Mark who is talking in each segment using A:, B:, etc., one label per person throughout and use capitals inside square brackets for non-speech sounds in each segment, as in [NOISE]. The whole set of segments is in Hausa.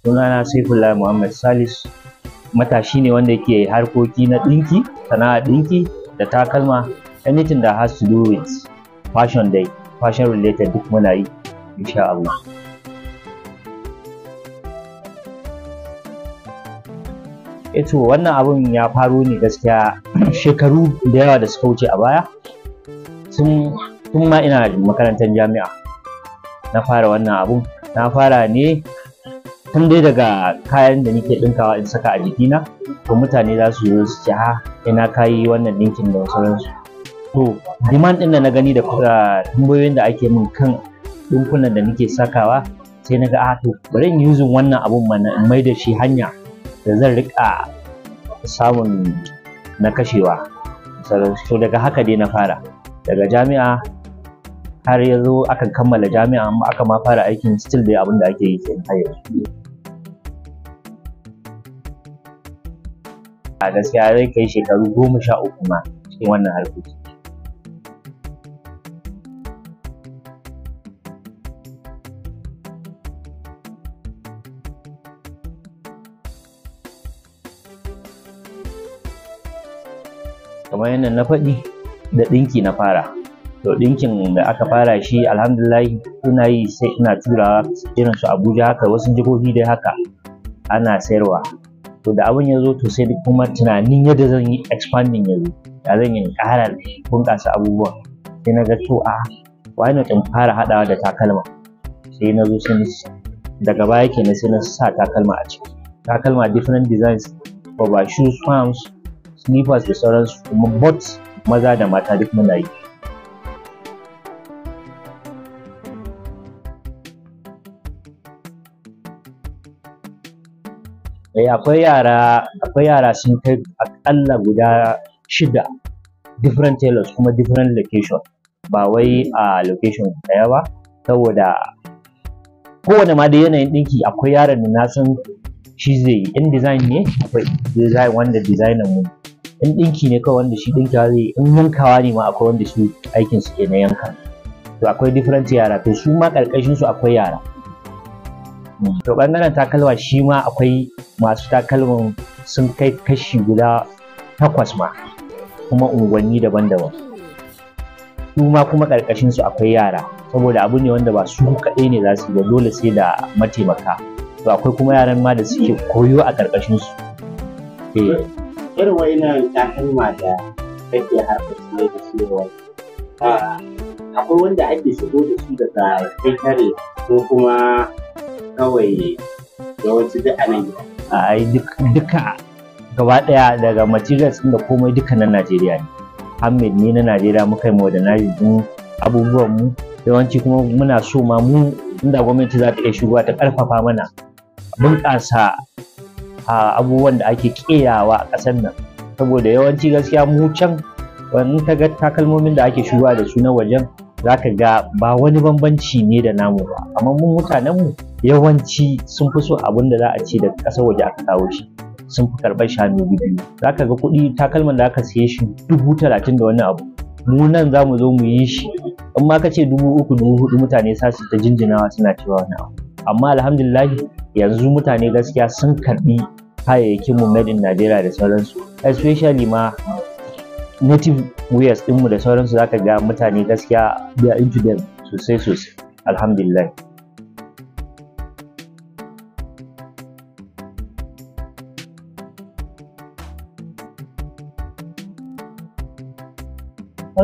A: sunana Saifullah Muhammad Salis matashi ne wanda yake harkoki na ɗinki sana'a ɗinki da takalma anything da has to do with fashion day' fashion related duk muna yi insha Allah eto eh wannan abun ya faro ne gaskiya [CLEARS THROAT] shekaru da yawa da suka wuce a baya tun ma ina makarantar jami'a na fara wannan abun na fara ne tun dai daga kayan da nake ɗinkawa in saka a jikina to mutane za su zo su ce ha ah, ina kayi wannan ɗinkin da sauransu to demand ɗin da na gani da ah, tambayoyin da ake min kan ɗinkunan da nake sakawa sai na ga a ah, to bari in wannan abun mana in mai da shi hanya da zan riƙa samun na kashewa sauransu to daga haka dai na fara daga jami'a har ya zo aka kammala jami'a amma aka ma fara aikin still dai abin da ake yi kenan har yanzu a gaskiya zai kai shekaru goma sha uku ma cikin wannan harkoki kamar yadda na faɗi da ɗinki na fara to ɗinkin da aka fara shi alhamdulahi ina yi sai ina turawa irin su abuja haka wasu jihohi dai haka ana sayarwa to da abin ya zo to sai kuma tunanin yadda zan yi expanding ya zo da zan yi ƙara bunƙasa abubuwa sai na ga to a wani na in fara haɗawa da takalma sai na zo sai daga baya ke na sai na sa takalma a ciki takalma different designs ba shoes farms slippers da sauransu kuma bots maza da mata duk muna yi eh akwai yara akwai yara sun kai akalla guda shida different tailors kuma different location ba wai a location daya ba saboda kowane ma da yanayin ɗinki akwai yaran da na san shi zai yi in design ne akwai design wanda designer mu in ɗinki ne kawai wanda shi ɗinkawa zai in yankawa ne ma akwai wanda shi aikin su ke na yanka to akwai different yara to su ma karkashin su akwai yara to bangaren takalma shi ma akwai masu takalman sun kai kashi guda takwas ma kuma unguwanni daban-daban su ma kuma ƙarƙashin su akwai yara saboda abu ne wanda ba su kaɗai ne za su yi ba dole sai da mataimaka to akwai kuma yaran ma da suke koyo a ƙarƙashin su eh. irin wayannan takalma da kake harkar su da siyarwa ah, akwai wanda ake shigo da su daga kai kare ko kuma kawai yawanci duk a nan gida duka gaba ɗaya daga materials da komai duka na Najeriya ne Hamid ne na Najeriya muka yi modernizing din abubuwan mu yawanci kuma muna so ma mu inda gwamnati za ta iya shugaba ta karfafa mana bunƙasa abubuwan da ake ƙerawa a ƙasar nan saboda yawanci gaskiya mu can wani ka ga takalmomin da ake shugaba da su na wajen za ka ga ba wani bambanci ne da namu ba amma mun mutanenmu yawanci sun fi so abin da za a ce daga ƙasar waje aka kawo shi sun fi karɓar shanu biyu biyu za ka ga kuɗi takalman da aka siye shi dubu talatin da wani abu mu nan za mu zo mu yi shi in ma ka ce dubu uku dubu hudu mutane sa su ta jinjinawa suna cewa wani abu amma alhamdulillah, yanzu mutane gaskiya sun karɓi kayayyakin mu made in Najeriya da sauransu especially ma native wears dinmu da sauransu za ka ga mutane gaskiya biya into sosai sosai alhamdulillah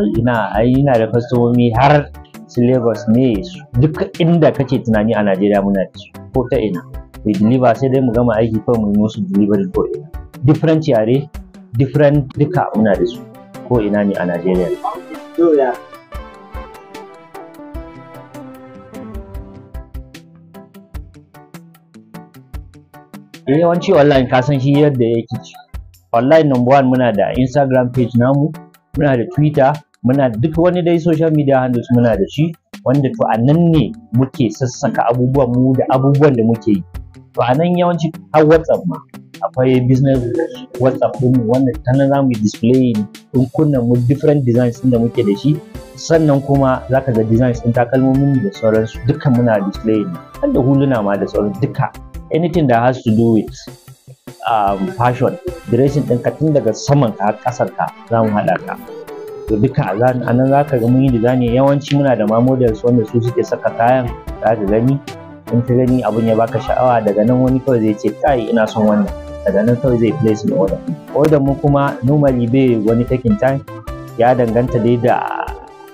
A: ina ai ina da kwastomomi har su lagos ne su duk inda kake tunani a najeriya muna da su ko ta ina we deliver sai dai mu gama aiki kawai mu yi musu delivery ko ina different yare different duka muna da su ko ina ne a najeriya yawanci online kasan shi yadda yake online number one muna da instagram page namu muna da twitter muna duk wani dai social media handles muna da shi wanda to a ne muke sassaka abubuwan mu da abubuwan da muke yi to a nan yawanci har whatsapp ma akwai business whatsapp din wanda ta nan za mu display mu different designs din da muke da shi sannan kuma za ka ga designs ɗin takalmomin da sauransu dukkan muna display ne har da huluna ma da sauransu duka anything that has to do with Um, fashion dressing ka tun daga saman ka kasar ka za mu haɗa ka to duka a nan za ka ga mun yi design yawanci muna da ma models wanda su suke saka kayan za ka gani in ka gani abin ya baka sha'awa daga nan wani kawai zai ce kai ina son wannan daga nan kawai zai place in order order mu kuma normally bai wani taking time ya danganta dai da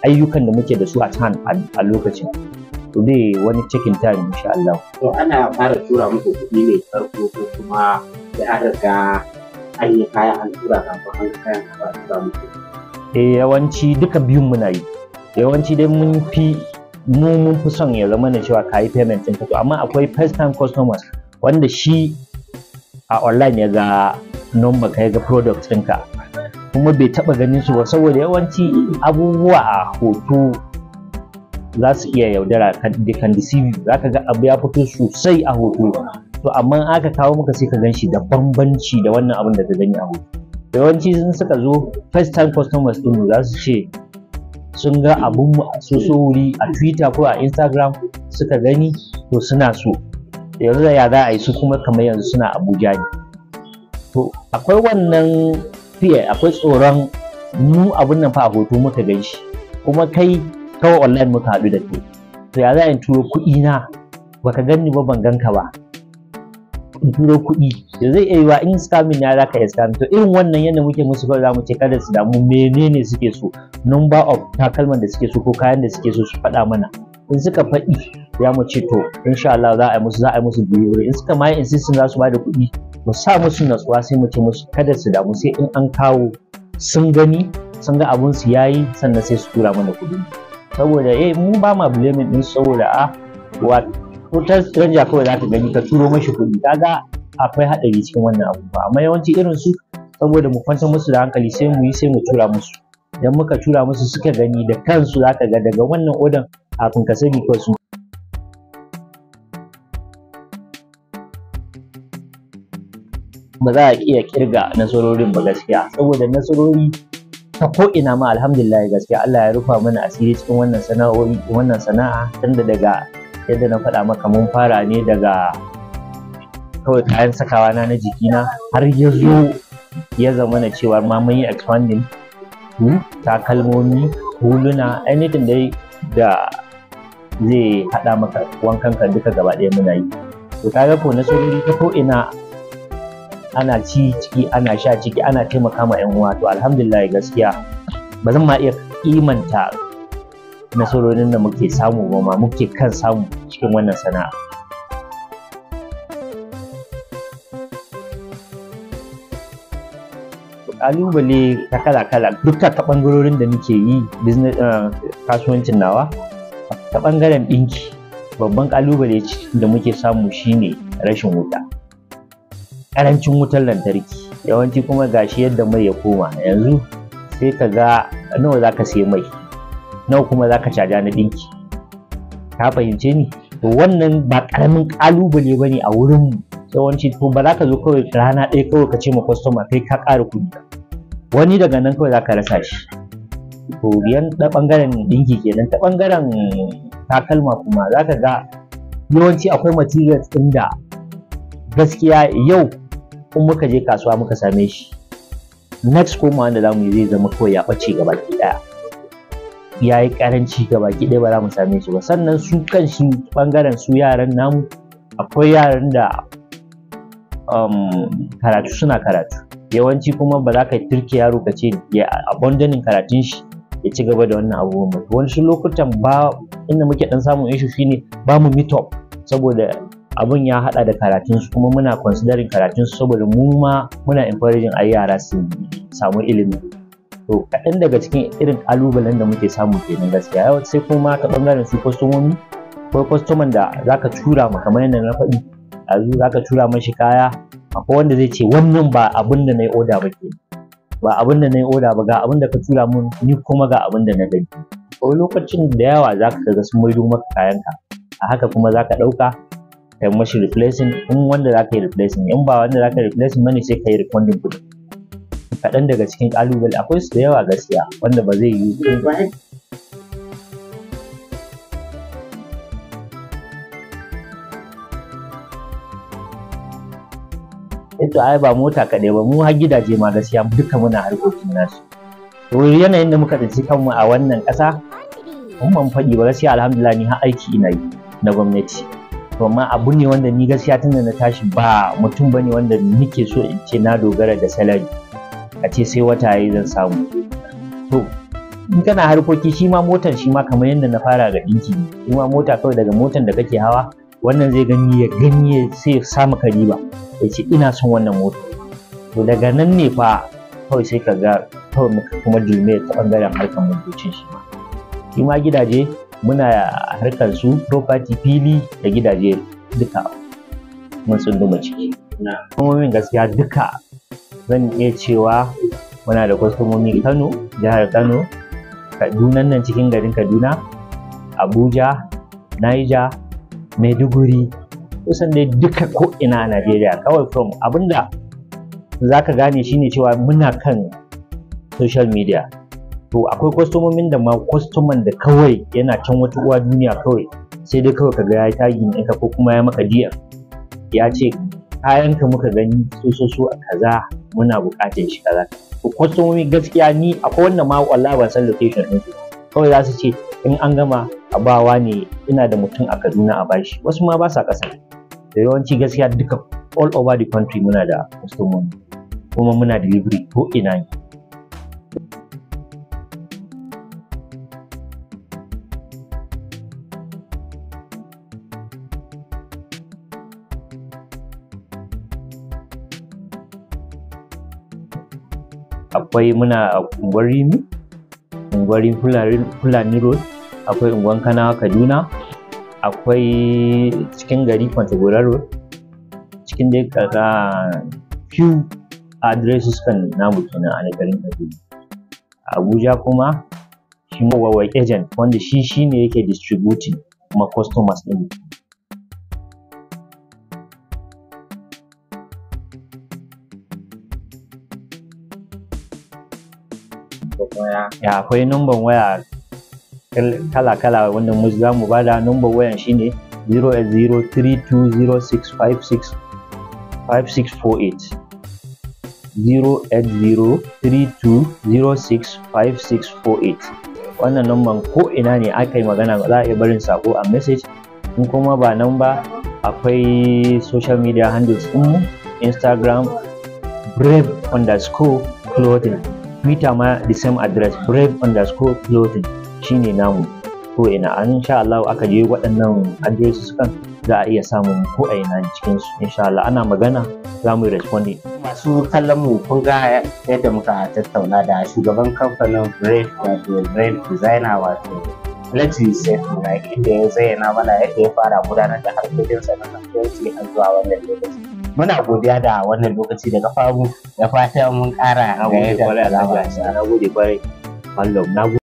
A: ayyukan da muke da su a can a lokacin to dai wani taking time insha Allah to ana fara tura muku kuɗi ne farko ko kuma Eh yawanci duka biyun muna yi. Yawanci dai mun fi mu mun fi son ya zama na cewa ka yi payment ɗin ka amma akwai first time customers wanda shi a online ya ga number ka ya ga product ɗinka kuma bai taɓa ganin su ba saboda yawanci abubuwa a hoto za su iya yaudara kan CV za ka ga abu ya fito sosai a hoto to amma aka kawo maka sai ka gan shi da bambanci da wannan abin da ka gani a hoto yawanci sun suka zo first time customers din za su ce sun ga abun so so wuri a twitter ko a instagram suka gani to suna so yanzu da ya za a yi su kuma kamar yanzu suna abuja ne to akwai wannan fear akwai tsoron mu abun nan fa a hoto muka gan shi kuma kai kawai online muka haɗu da kai to ya za a yi turo kuɗi na baka ganni ba ban ganka ba in turo kuɗi da zai iya yiwa in scamming ya za ka yi scamming to irin wannan yadda muke musu kawai za mu ce kada su damu menene suke so number of takalman da suke so ko kayan da suke so su faɗa mana in suka faɗi ya mu ce to insha Allah za a yi musu za a yi musu biyu in suka mai insistin za su ba da kuɗi mu sa musu natsuwa sai mu ce musu kada su damu sai in an kawo sun gani sun ga abun su yayi sannan sai su tura mana kuɗi saboda eh mu ba ma blaming din saboda a ah, ko ta stranger kawai za ka gani ka turo mashi kuɗi kaga akwai haɗari cikin wannan ba amma yawanci irin su saboda mu kwantar musu da hankali sai mu yi sai mu tura musu idan muka tura musu suka gani da kansu za ka ga daga wannan odan kafin ka sani kawai su ba za a iya kirga nasarorin ba gaskiya saboda nasarori ta ko ina ma alhamdulillah gaskiya Allah ya rufa mana asiri cikin wannan wannan sana'a tunda daga yadda na faɗa maka mun fara ne daga kawai kayan sakawa na na jikina har ya zo ya zama na cewa ma mun yi expanding takalmomi huluna anything dai da zai haɗa maka wankan ka duka gaba ɗaya muna yi to kaga ko na sojoji ta ko ina ana ci ciki ana sha ciki ana taimaka ma yan uwa to alhamdulillah gaskiya ba zan ma iya imanta nasarorin da muke samu ba ma muke kan samu cikin wannan sana'a Ƙalubale ta kala-kala duka ta ɓangarorin da muke yi eh, kasuwancin nawa ta ɓangaren ɗinki babban kalubale da muke samu shine rashin wuta ƙarancin wutar lantarki yawanci kuma gashi yadda mai ya koma yanzu sai ka ga nawa za ka sai mai nawa kuma za ka caja na ɗinki ka fahimce ni to wannan ba ƙaramin ƙalubale ba ne a wurin yawanci to ba za ka zo kawai rana ɗaya kawai ka ce ma kwastoma kai ka ƙara kuɗi wani daga nan kawai za ka rasa shi to biyan ta ɓangaren ɗinki kenan ta ɓangaren takalma kuma za ka ga yawanci akwai materials ɗin da gaskiya yau in muka je kasuwa muka same shi next koma wanda za yi zai zama kawai ya ɓace gaba ɗaya ya yi karanci ga baki ɗaya ba za mu same shi ba sannan su kan shi ɓangaren su yaran namu akwai yaran da um, karatu suna karatu yawanci kuma ba za ka turke yaro ka ce ya abandonin karatun shi ya ci gaba da wannan abubuwan ba wani lokutan ba inda muke dan samun ishu shine ba mu meet up saboda abun ya hada da karatun su kuma muna considering karatun su saboda mu ma muna encouraging ai yara su samu ilimi to kaɗan daga cikin irin ƙalubalen da muke samu kenan gaskiya sai kuma ta ɓangaren su kwastomomi akwai kwastoman da zaka tura ma kamar yadda na faɗi yanzu zaka tura mashi kaya akwai wanda zai ce wannan ba abin da na yi oda ba ke ba abin da na yi oda ba ga abin da ka tura mun ni kuma ga abin da na gani wani lokacin da yawa za ka ga sun maido maka kayanka a haka kuma zaka ka ɗauka ka mashi replacing in wanda za yi replacing in ba wanda za ka yi replacing bane sai ka yi refunding kuɗi kaɗan daga cikin ƙalubale akwai su da yawa gaskiya wanda ba zai yi Ito ai ba mota kaɗai ba mu har gidaje ma gaskiya duka muna harkokin nasu to yanayin da muka tsinci kanmu a wannan ƙasa mun man faɗi ba gaskiya alhamdulillah ni har aiki ina yi na gwamnati to amma abu ne wanda ni gaskiya tunda na tashi ba mutum bane wanda nake so in ce na dogara da salari a ce sai wata yi zan samu to in kana harkoki shi ma motar shi ma kamar yadda na fara ga ɗinki shi ma mota kawai daga motan da kake hawa wannan zai gani ya gani ya sai samu kari ba ya ce ina son wannan mota to daga nan ne fa kawai sai ka ga kawai muka kuma dume ta bangaren harkar motocin shi ma shi ma gidaje muna harkar su property fili da gidaje duka
B: mun tsunduma ciki
A: kuma min gaskiya duka zan iya cewa muna da kwastomomi kano jihar kano kaduna nan cikin garin kaduna abuja niger maiduguri kusan dai duka ko ina a najeriya kawai from abinda za ka gane shine cewa muna kan social media to akwai kwastomomin da ma kwastoman da kawai yana can wata uwa duniya kawai sai dai kawai ka ga ya tagin ɗinka ko kuma ya maka diya ya ce kayan ka muka gani so so so a kaza muna buƙatar shi kaza to kwastomomi gaskiya ni akwai wannan ma wallahi ban san location ɗinsu kawai za su ce in an gama a bawa ne ina da mutum a Kaduna a bashi wasu ma ba sa ƙasa da yawanci gaskiya duka all over the country muna da kwastomomi kuma muna delivery ko ina ne akwai muna a unguwar rimi unguwar fulani road akwai unguwar kanawa kaduna akwai cikin gari kwantagora road cikin dai kaga few addresses kan namu kenan a garin kaduna abuja kuma shi mawawai agent wanda shi shine yake distributing kuma customers ɗin ya akwai numban waya kala kala wanda mu za mu bada numban wayan shine 08032065648 wannan numban ko ina ne aka yi magana za a yi barin sako a message in kuma ba nan ba akwai social media handles mu instagram brave underscore clothing twitter ma the same address brave underscore clothing shine namu ko ina an insha Allah aka je waɗannan addresses kan za a iya samun ko a ina cikin su insha Allah ana magana za mu yi responding masu kallon mu kun ga yadda muka tattauna da shugaban kamfanin brave wato brave designer wato Alhaji Sefu na inda ya zayyana mana yadda ya fara gudanar da harkokinsa na kasuwanci a zuwa wannan lokaci. muna godiya da wannan lokaci da ka da fatan mun ƙara gode kwarai